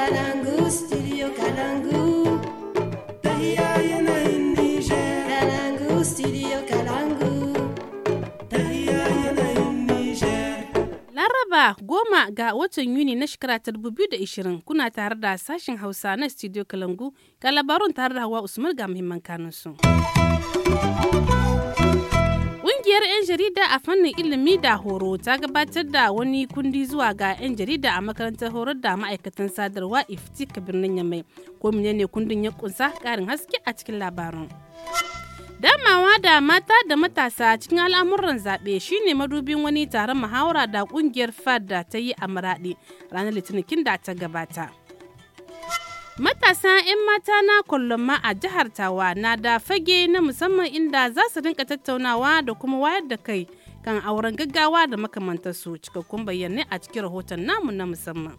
Kalangu, Laraba goma ga watan Yuni na shekara ta 2020 kuna tare da sashen Hausa na studio Kalangu ga labarun tare da Hawa Usman ga muhimman kanunsu. jarida a fannin ilimi da horo ta gabatar da wani kundi zuwa ga 'yan jarida a makarantar horar da ma'aikatan sadarwa iftik birnin yamai ko ne kundin ya kunsa karin haske a cikin labarin damawa da mata da matasa cikin al'amuran zaɓe shine madubin wani taron muhawara da ƙungiyar fad da ta yi a maraɗi ranar litinin da ta gabata Matasa 'yan mata na kullumma a jihar Tawa na da fage na musamman inda za su rinka tattaunawa da kuma wayar da kai kan auren gaggawa da makamantarsu cikakkun bayanai a cikin rahoton namu na musamman.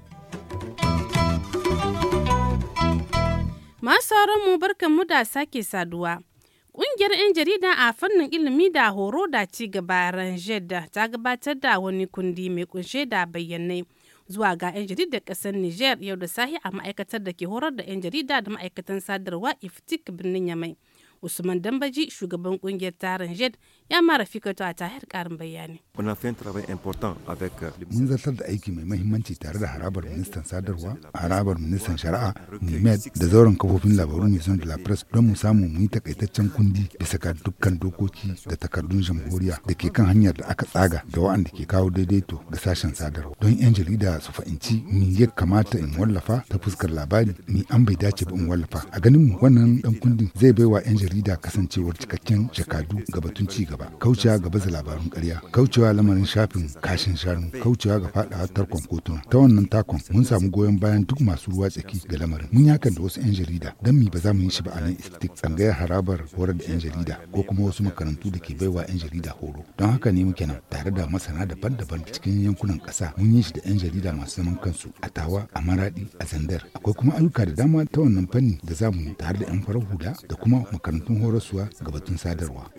Masu mu barkan mu da sake saduwa. Ƙungiyar 'yan jarida a fannin ilimi da horo da ci gaba Ranjed ta gabatar da wani kundi mai kunshe da bayanai. zuwa ga 'yan jaridar kasar Nijar yau da sahi a ma'aikatar da ke horar da 'yan jarida da ma'aikatan sadarwa Iftik birnin Yamai. usman dambaji shugaban kungiyar taron jed ya mara fikato a tahir karin bayani euh, mun zartar da aiki mai mahimmanci tare da harabar ministan sadarwa harabar ministan shari'a nimet da zauren kafofin labarun mai son de la presse don mu samu mu yi takaitaccen kundi bisa ga dukkan dokoki da takardun jamhuriya da ke kan hanyar da aka tsaga da wa'anda ke kawo daidaito ga sashen sadarwa don 'yan jarida su fahimci ni ya kamata in wallafa ta fuskar labari ni an bai dace ba in wallafa a ganin mu wannan dan kundin zai baiwa 'yan jarida jarida kasancewar cikakken jakadu ga batun ci gaba kaucewa ga baza labarun karya kaucewa lamarin shafin kashin shanu kaucewa ga fada tarkon kotuna ta wannan takon mun samu goyon bayan duk masu ruwa tsaki ga lamarin mun yakan da wasu yan jarida don mi ba za mu yi shi ba a nan istik tsangayar harabar horar da yan jarida ko kuma wasu makarantu da ke baiwa yan jarida horo don haka ne muke nan tare da masana daban-daban cikin yankunan ƙasa mun yi shi da yan jarida masu zaman kansu a tawa a maradi a zandar akwai kuma ayyuka da dama ta wannan fanni da zamu tare da yan farar hula da kuma makarantu makarantun horaswa ga batun sadarwa.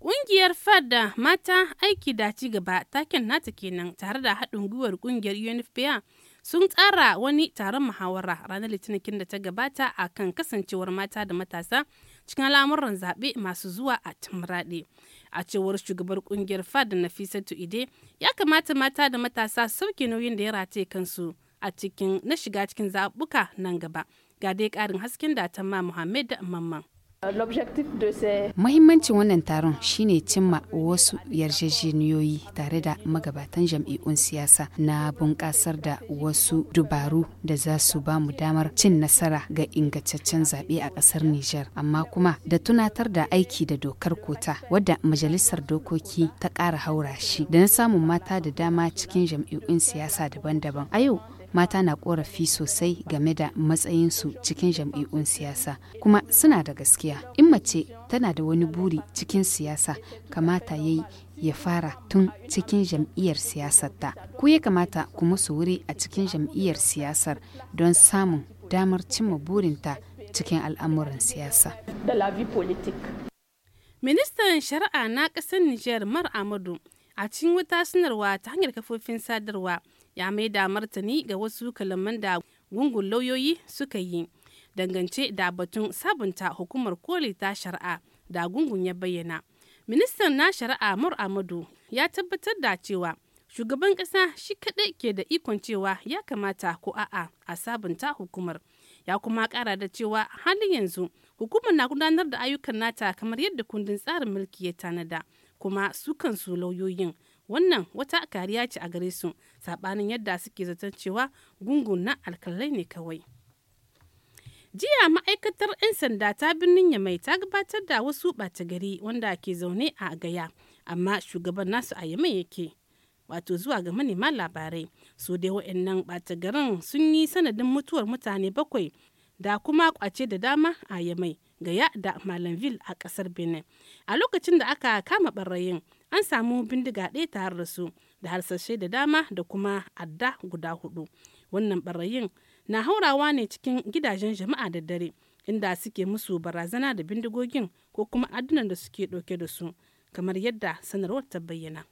Ƙungiyar fada mata aiki da ci gaba taken nata kenan tare da haɗin gwiwar ƙungiyar UNFPA sun tsara wani taron muhawara ranar litinin da ta gabata a kan kasancewar mata da matasa cikin al'amuran zaɓe masu zuwa a timuraɗe a cewar shugabar ƙungiyar fada nafisatu ide ya kamata mata da matasa sauke nauyin da ya rataye kansu a cikin na shiga cikin zaɓuka nan gaba ga dai ƙarin hasken da ta ma muhammed mamman muhimmancin wannan taron shine cimma wasu yarjejeniyoyi tare da magabatan jam'i'un siyasa na bunƙasar da wasu dubaru da za su ba mu damar cin nasara ga ingantaccen zaɓe a ƙasar Nijar, amma kuma da tunatar da aiki da dokar kota wadda majalisar dokoki ta ƙara haura shi da na samun mata da dama cikin jam'i'un siyasa daban-daban. A yau mata na korafi sosai game da matsayinsu cikin jam'iyyun siyasa kuma suna da gaskiya in mace tana da wani buri cikin siyasa kamata ya yi ya fara tun cikin jam'iyyar siyasar ta ku ya kamata ku musu wuri a cikin jam'iyyar siyasar don samun damar cimma burinta cikin al'amuran siyasa. Ministan Shari'a na ƙasar Nijar Mar Amadu a cikin wata sanarwa ta hanyar kafofin sadarwa ya mai da martani ga wasu kalaman da gungun lauyoyi suka yi dangance da batun sabunta hukumar koli ta shari'a da gungun ya bayyana ministan na shari'a mur amadu ya tabbatar da cewa shugaban kasa shi kaɗai ke da ikon cewa ya kamata ko a'a a sabunta hukumar ya kuma ƙara da cewa halin yanzu hukumar na gudanar da ayyukan nata kamar yadda kundin tsarin mulki ya tanada kuma su kansu lauyoyin wannan wata kariya ce a gare su sabanin yadda suke zaton cewa gungun na alkalai ne kawai jiya ma'aikatar 'yan sanda ta birnin yamai ta gabatar da wasu ɓata gari wanda ke zaune a gaya amma shugaban nasu a yamai yake wato zuwa ga manema labarai su dai wa'annan ɓata garin sun yi sanadin mutuwar mutane bakwai da kuma kwace da dama a yamai gaya da malamville a kasar benin a lokacin da aka kama barayin an samu bindiga ɗaya tare da su da harsashe da dama da kuma adda guda hudu wannan barayin na haurawa ne cikin gidajen jama'a da dare inda suke musu barazana da bindigogin ko kuma addunan da suke ɗauke da su kamar yadda sanarwar ta bayyana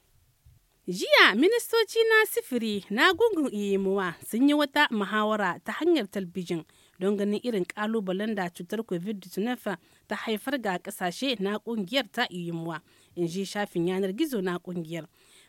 jiya ministoci na sifiri na gungun iyimuwa sun yi wata muhawara ta hanyar talbijin don ganin irin kalubalen da cutar covid-19 ta haifar ga kasashe na kungiyar ta yunwa in ji shafin yanar gizo na kungiyar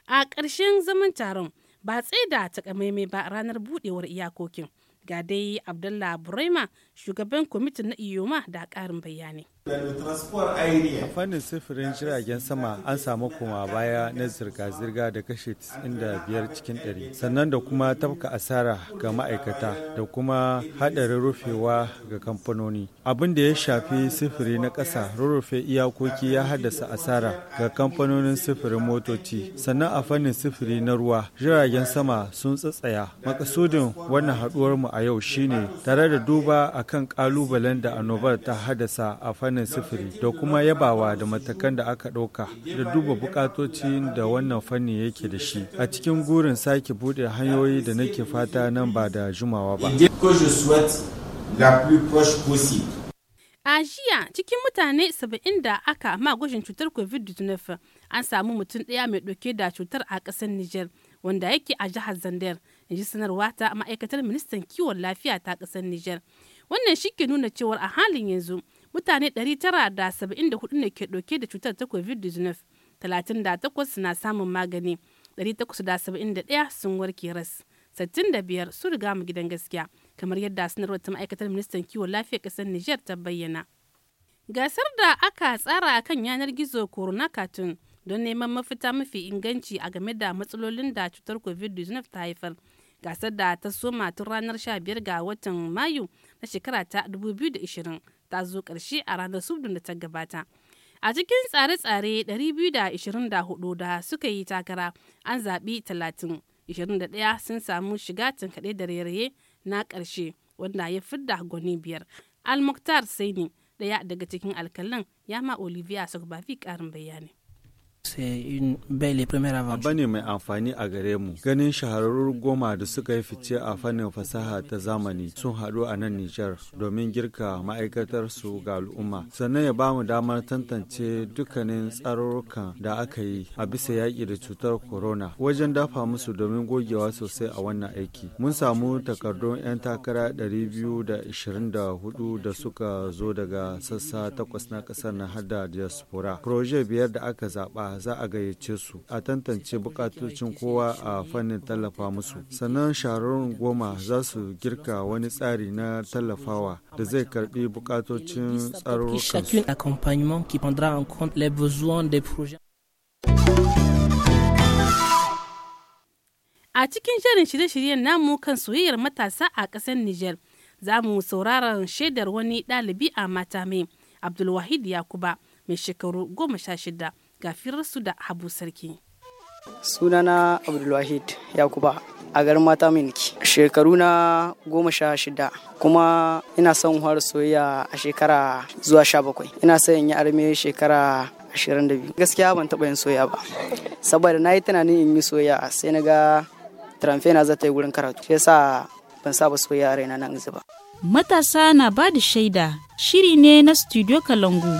a ƙarshen zaman taron ba da takamaimai ba ranar budewar iyakokin ga dai abdullah burema shugaban kwamitin na iyoma da ƙarin bayani A fannin sifirin jiragen sama an samu koma baya na zirga-zirga da kashe 95 cikin 100 sannan da kuma tafka asara ga ma'aikata da kuma haɗarin rufewa ga kamfanoni. Abin da ya shafi sifiri na ƙasa rurrufe iyakoki ya haddasa asara ga kamfanonin sifirin motoci. Sannan a fannin sifiri na ruwa jiragen sama sun tsatsaya. Makasudin wannan haɗuwarmu a yau shine tare da duba akan ƙalubalen da annobar ta haddasa a fannin fannin sifiri da kuma yabawa da matakan da aka ɗauka da duba bukatocin da wannan fannin yake da shi a cikin gurin sake buɗe hanyoyi da nake fata nan ba da jumawa ba. A jiya cikin mutane 70 da aka ma gwajin cutar COVID-19 an samu mutum ɗaya mai ɗauke da cutar a ƙasar Nijar wanda yake a jihar Zandar, in ji sanarwa ta ma'aikatar ministan kiwon lafiya ta ƙasar Nijar. Wannan shi ke nuna cewar a halin yanzu mutane 974 ne ke ɗauke da cutar ta covid-19 38 suna samun magani 871 sun warke ras 65 sun riga mu gidan gaskiya kamar yadda sanarwar ta ma'aikatar ministan kiwon lafiyar ƙasar niger ta bayyana. Gasar da aka tsara kan yanar gizo Corona Cartoon don neman mafita mafi inganci a game da matsalolin da cutar COVID-19 ta haifar gasar da ta soma tun ranar 15 ga watan mayu na shekara ta 2020 ta zo ƙarshe a ranar subdun da ta gabata a cikin tsare-tsare 224 da suka yi takara an zaɓi 30 21 sun samu shiga tankaɗe da rairaye na ƙarshe wanda ya fidda gwani biyar al-muktar saini ɗaya daga cikin alkalin ya ma olivia sokbafi ƙarin bayani Abu ne mai amfani a gare mu. Ganin shahararru goma da suka yi fice a fannin fasaha ta zamani sun haɗu a nan Nijar domin girka ma'aikatar su ga al'umma. Sannan ya bamu damar tantance dukkanin tsarurrukan da aka yi a bisa yaƙi da cutar corona wajen dafa musu domin gogewa sosai a wannan aiki. Mun samu takardun 'yan takara 224 da suka zo daga sassa takwas na ƙasar na hada diaspora. Proje biyar da aka zaɓa za a gayyace su a tantance bukatocin kowa a fannin tallafa musu sannan shahararrun goma za su girka wani tsari na tallafawa da zai karbi bukatocin tsarurrukansu A cikin shirin shirye-shiryen namu kan soyayyar matasa a ƙasar niger za mu sauraron shaidar wani ɗalibi a mata mai Abdulwahid Yakuba mai shekaru goma sha shida ga firarsu da habu sarki sunana abdulwahid yakuba a garin mata minki shekaru na goma sha shida kuma ina son har soyayya a shekara zuwa sha bakwai ina son in yi arme shekara ashirin da biyu gaskiya ban taɓa yin soyayya ba saboda na yi tunanin in yi soyayya sai na ga tramfena na zata yi wurin karatu shi yasa ban saba soyayya a raina na ba matasa na ba da shaida shiri ne na studio kalangu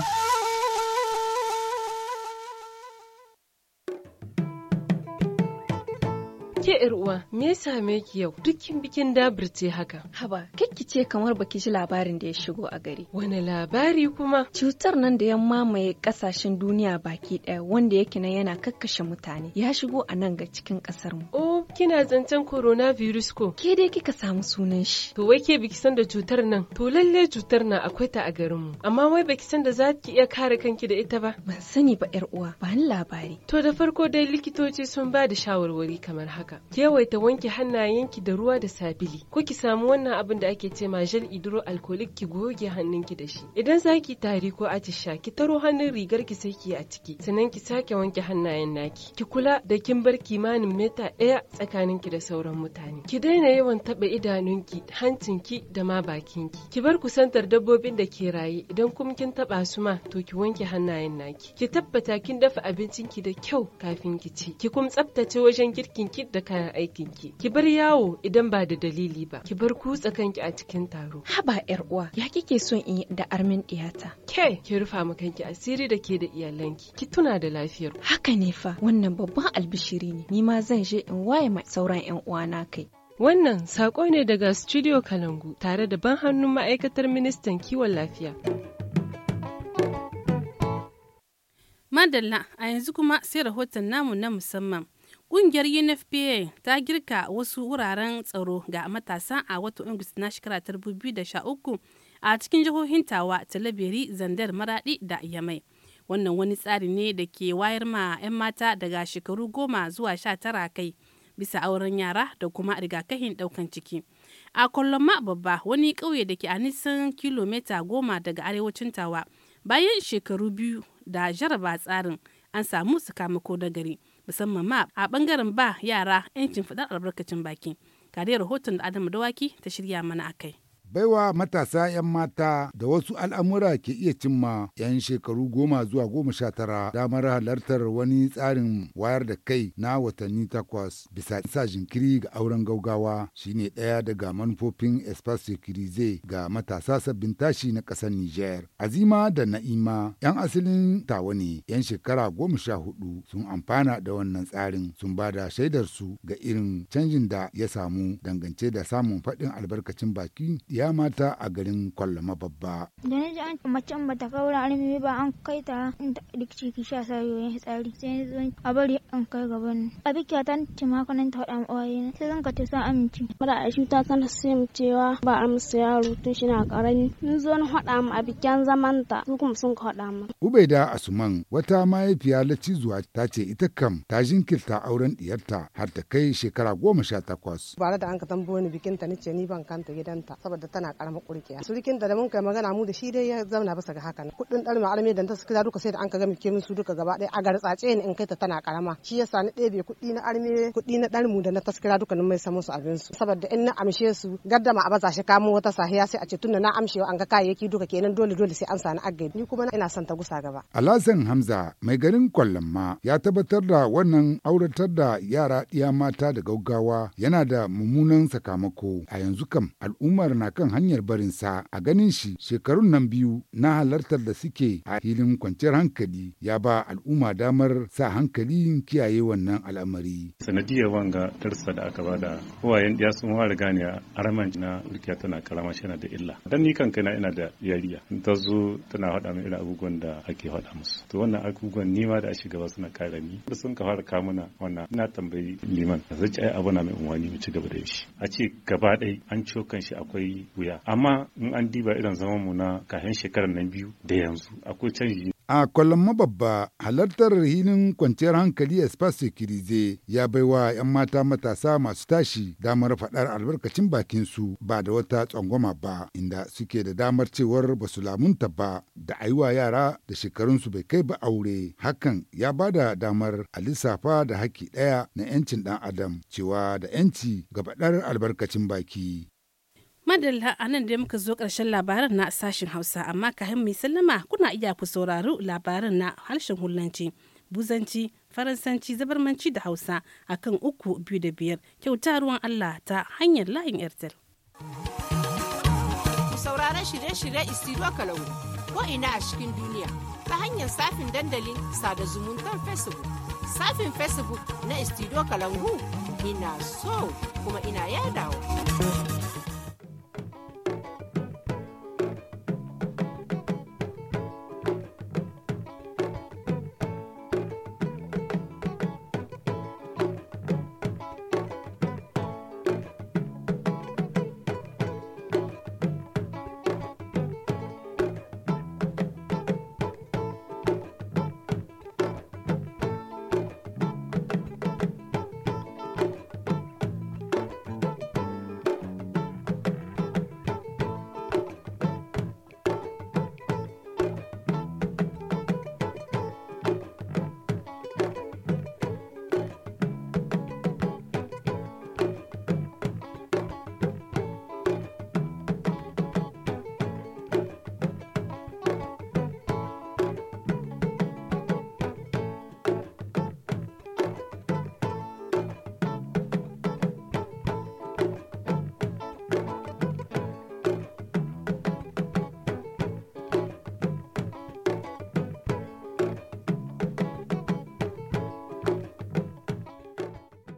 Ke ƴar uwa, me ya same ki yau? Dukkin bikin ce haka. Haba, ki ce kamar baki ji labarin da ya shigo a gari. Wani labari kuma? Cutar nan da ya mamaye kasashen duniya baki ɗaya wanda yake nan yana kakkashe mutane. Ya shigo a nan ga cikin ƙasar mu. Oh, kina zancen coronavirus ko? Ke dai kika samu sunan shi. To wai ke biki san da cutar nan? To lalle cutar nan akwai ta a garin mu. Amma wai baki san da za ki iya kare kanki da ita ba? Ban sani ba ƴar uwa, ba ni labari. To da farko dai likitoci sun ba da shawarwari kamar haka. haka yawaita wanke hannayenki da ruwa da sabili ko ki samu wannan abin da ake ce ma gel hydroalcoholic ki goge hannunki da shi idan zaki tari ko atisha ki taro hannun rigar ki sai ki a ciki sannan ki sake wanke hannayen naki ki kula da kin bar kimanin mita ɗaya tsakaninki da sauran mutane ki daina yawan taɓa idanunki hancinki da ma bakinki ki bar kusantar dabbobin da ke raye idan kuma kin taɓa su ma to ki wanke hannayen naki ki tabbata kin dafa abincinki da kyau kafin ki ci ki kuma tsaftace wajen girkinki da kayan aikin ki ki bar yawo idan ba da dalili ba ki bar kutsa kanki a cikin taro haba yar uwa ya kike son in yi da armin diyata ke ki rufa ma kanki asiri da ke da iyalanki ki tuna da lafiyar haka ne fa wannan babban albishiri ne ni ma zan je in waye mai sauran yan uwa na kai Wannan saƙo ne daga Studio Kalangu tare da ban hannun ma'aikatar ministan kiwon lafiya. Madalla a yanzu kuma sai rahoton namu na musamman. Ƙungiyar UNFPA ta girka wasu wuraren tsaro ga matasa a watan Agusta na shekara 2013 a cikin jihohin Tawa, Talabiri, Zandar, Maradi da Yamai. Wannan wani tsari ne da ke wayar ma 'yan mata daga shekaru goma zuwa sha tara kai bisa auren yara da kuma rigakahin ɗaukan ciki. A ma babba wani ƙauye da ke a nisan kilomita goma daga arewacin Tawa bayan shekaru biyu da jaraba tsarin an samu su sakamako da gari. musamman ma a bangaren ba yara 'yancin faɗar albarkacin baki. kariyar rahoton da Adamu Dawaki ta shirya mana akai. baiwa matasa 'yan mata da wasu al'amura ke iya cimma 'yan shekaru goma zuwa goma sha tara damar halartar wani tsarin wayar da kai na watanni takwas bisa isa jinkiri ga auren gaugawa shine ɗaya daga manufofin espace securize ga matasa sabbin tashi na ƙasar niger azima da na'ima 'yan asalin tawa ne 'yan shekara goma sha hudu sun amfana da wannan tsarin sun ba da shaidarsu ga irin canjin da ya samu dangance da samun faɗin albarkacin baki ya mata a garin kwallama babba. Da na ji an macen bata kai wurin alimi ba an kai ta inda duk ciki sha sa yoyin tsari sai zan a bari an kai gaban. A bikiya ta ci nan ta faɗa ne sai zan ka ta san amince. Mara a shi ta tana sai cewa ba a musu yaro tun shi na ƙarami. ni zo na faɗa mu a bikin zaman ta su kuma sun ka faɗa mu. Ubaida Asuman wata mahaifiya zuwa ta ce ita kam ta jinkirta auren diyarta har ta kai shekara goma sha takwas. Bara da an ka tambayo ni bikin ta ni ce ni ban kanta gidanta saboda tana karamar kurkiya surikin da mun kai magana mu da shi dai ya zauna bisa ga haka kudin dalma ma'alme da ta suka duka sai da an ka gami kemin duka gaba daya a gartsace ni in kai ta tana karama shi yasa ni ɗebe kuɗi na arme kudi na dalmu da na taskira duka nan mai samu su abin su saboda in na amshe su gaddama a baza shi kamo wata sahiya sai a ce tunda na amshe an ga kayayyaki duka kenan dole dole sai an sa sani aggai ni kuma ina son ta gusa gaba alhassan hamza mai garin kwallamma ya tabbatar da wannan auratar da yara iya mata da gaggawa yana da mummunan sakamako a yanzu kam al'ummar na kan hanyar barin sa a ganin shi shekarun nan biyu na halartar da suke a filin kwanciyar hankali ya ba al'umma damar sa hankalin kiyaye wannan al'amari. Sanadiyar wanga darsa da aka da kowayen ya sun fara a araman na dukiya tana karama shi da illa. Dan ni kanka ina da yariya ta zo tana faɗa min irin abubuwan da ake faɗa musu. To wannan abubuwan ni ma da a shugaba suna kare ni. sun ka fara kamuna wannan ina tambayi liman. Zai ci ai abu na mai unwani mu ci gaba da shi. A ce gaba ɗaya an ciwo kan shi akwai wuya amma in an diba irin zaman mu na kafin shekarar nan biyu da yanzu akwai canji a kwallon mababba halartar hinin kwanciyar hankali espace kirize ya baiwa 'yan mata matasa masu tashi damar faɗar albarkacin bakin su ba da wata tsangwama ba inda suke da damar cewar ba su lamunta ba da aiwa yara da shekarunsu bai kai ba aure hakan ya ba da damar a lissafa da haƙƙi ɗaya na 'yancin ɗan adam cewa da 'yanci ga faɗar albarkacin baki madalla a nan da muka zo karshen labaran na sashen hausa amma kahin mai sallama kuna iya ku saurari labaran na harshen hullanci buzanci faransanci zabarmanci da hausa a kan uku biyu da biyar kyauta ruwan allah ta hanyar layin airtel sauraron shirye-shirye istiro kalangu ko ina a cikin duniya ta hanyar safin dandalin sada zumuntar facebook safin facebook na istiro kalangu ina so kuma ina yadawa